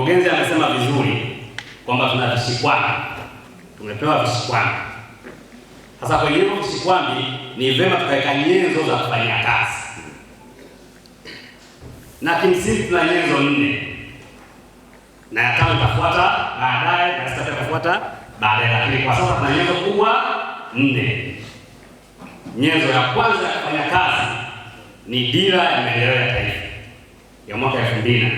Mkurugenzi amesema vizuri kwamba tuna vishikwambi, tumepewa vishikwambi. Sasa kwenye hivyo vishikwambi ni vema tukaweka nyenzo za kufanyia kazi, na kimsingi tuna nyenzo nne na ya tano itafuata baadaye na sita itafuata baadaye, lakini kwa sasa tuna nyenzo kubwa nne. Nyenzo ya kwanza ya kufanya kazi ni dira ya maendeleo ya taifa ya mwaka elfu mbili na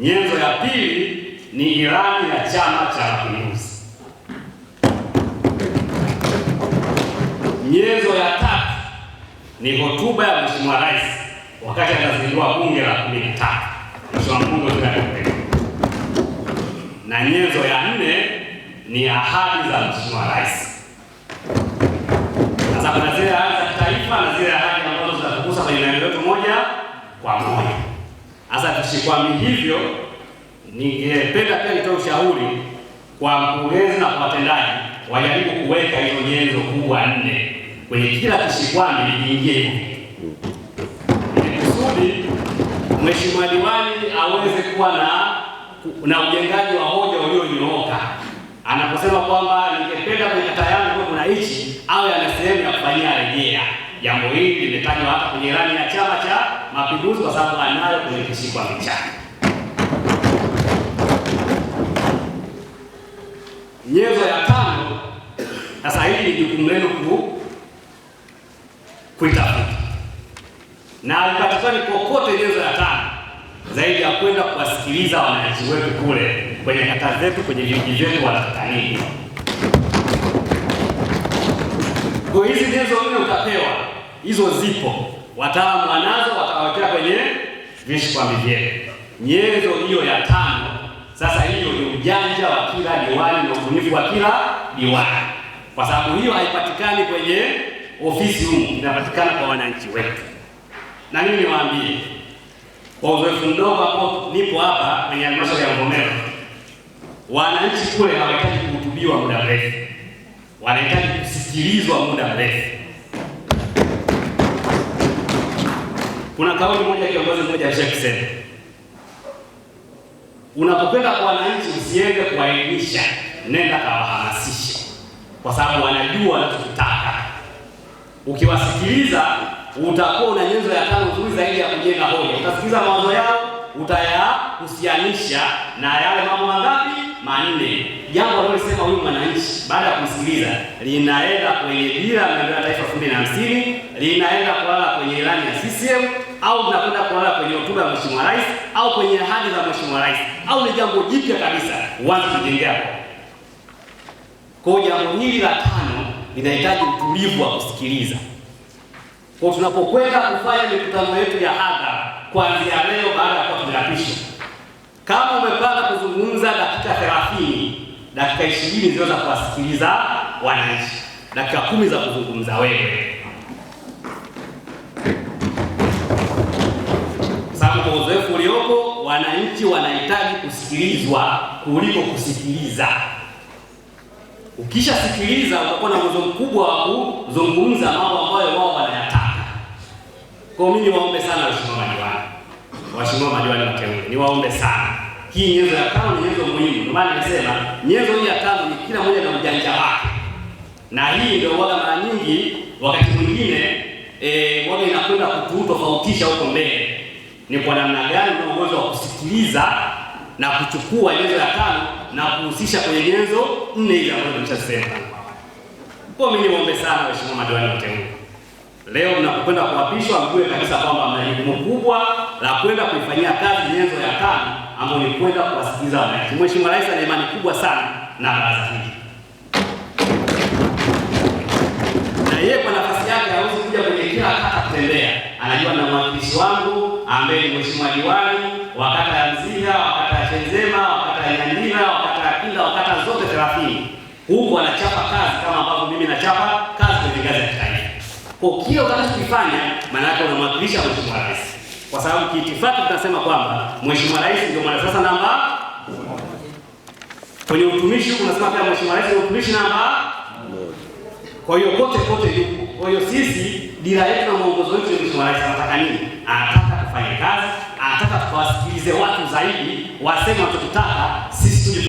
Nyenzo ya pili ni ilani ya Chama cha Mapinduzi. Nyenzo ya tatu ni hotuba ya Mheshimiwa Rais wakati atazindua bunge la kumi na tatu Mheshimiwa Mbunge na nyenzo ya nne ni ahadi za Mheshimiwa Rais. Sasa kuna zile ahadi za kitaifa na zile ahadi ambazo zitakugusa kwenye maendeleo moja kwa moja. Sasa tusikwami hivyo, ningependa pia nitoe ushauri kwa mkurugenzi na kwa watendaji wajaribu kuweka hizo nyenzo kubwa nne kwenye kila kishikwambi viingie hivi kusudi mheshimiwa diwani aweze kuwa na na ujengaji wa hoja ulionyooka. Anaposema kwamba ningependa kwenye kata yangu kuna hichi, awe ana sehemu ya kufanyia rejea Jambo hili limetajwa hata kwenye ilani ya Chama cha Mapinduzi kwa sababu anayo kwenye kisikwa kichana. Nyenzo ya tano, sasa hili ni jukumu lenu kuitafuta, na haipatikani kokote nyenzo ya tano zaidi ya kwenda kuwasikiliza wananchi wetu kule kwenye kata zetu, kwenye vijiji vyetu, wanatatanii kwa hizi nyenzo nne utapewa, hizo zipo, wataalamu wanazo, watawekea kwenye vishikwambi vyenu. Nyenzo hiyo ya tano sasa, hiyo ni ujanja wa kila diwani na ubunifu wa kila diwani, kwa sababu hiyo haipatikani kwenye ofisi humu, inapatikana kwa wananchi wetu. Na mimi niwaambie kwa uzoefu mdogo ambao nipo hapa kwenye halmashauri ya Mvomero, wananchi kule hawahitaji kuhutubiwa muda mrefu wanahitaji kusikilizwa muda mrefu. Kuna kauli moja kiongozi mmoja alishakisema, unapokwenda kwa wananchi usiende kuwaelimisha, nenda kawahamasishe, kwa sababu wanajua wanachokitaka. Ukiwasikiliza utakuwa una nyenzo ya tano nzuri zaidi ya kujenga hoja. Utasikiliza mawazo yao utayahusianisha na yale mambo mangapi? Manne. Jambo analolisema huyu mwananchi baada ya kumsikiliza linaenda kwenye dira maendeleo ya taifa elfu mbili na hamsini linaenda kulala kwenye ilani ya CCM au linakwenda kulala kwenye hotuba ya mheshimiwa rais au kwenye ahadi za mheshimiwa rais au ni jambo jipya kabisa watu kujengea kwa jambo hili la tano linahitaji utulivu wa kusikiliza. Kwa tunapokwenda kufanya mikutano yetu ya hadhara kuanzia leo baada ya kuwa Kama umepanga kuzungumza dakika 30, dakika 20 za kuwasikiliza wananchi, dakika kumi za kuzungumza wewe. Sababu kwa uzoefu uliopo, wananchi wanahitaji kusikilizwa kuliko kusikiliza. Ukishasikiliza utakuwa na uwezo mkubwa wa kuzungumza mambo ambayo wao wanayataka. Kwa mimi niwaombe sana waheshimiwa madiwani waheshimiwa madiwani wateule, niwaombe sana, hii nyenzo ya tano ni nyenzo muhimu. Ndio maana nimesema nyenzo hii ya tano ni kila mmoja na ujanja wake, na hii ndio waga mara nyingi wakati mwingine e, eh, waga inakwenda kututofautisha huko mbele, ni kwa namna gani una uwezo wa kusikiliza na kuchukua nyenzo ya tano na kuhusisha kwenye nyenzo nne hizi ambazo nimeshasema. Kwa mimi niombe sana waheshimiwa madiwani wateule Leo mnapokwenda kuapishwa, mjue kabisa kwamba mna jukumu kubwa la kwenda kuifanyia kazi nyenzo ya tano ambayo ni kwenda kuwasikiliza wananchi. Mheshimiwa Rais ana imani kubwa sana na baraza hili, na yeye kwa nafasi yake hawezi kuja kwenye kila kata kutembea. Anajua na mwakilishi wangu ambaye ni mheshimiwa diwani wa kata ya Mzinga, wa kata ya chenzema wa kata ya Nyandira, wa kata ya Kinda, wa kata zote 30 huko anachapa kazi kama ambavyo mimi nachapa kazi kwenye gazeti. Kwa kile utakachokifanya, maana yake unamwakilisha Mheshimiwa Rais, kwa sababu kiitifaki tunasema kwamba Mheshimiwa Rais ndio mwanasiasa namba kwenye utumishi huko, unasema pia Mheshimiwa Rais ndio utumishi namba. Kwa hiyo kote kote yuko. Kwa hiyo sisi dira yetu na mwongozo wetu, Mheshimiwa Rais anataka nini? Anataka tufanye kazi, anataka tuwasikilize watu zaidi, waseme wanachotaka sisi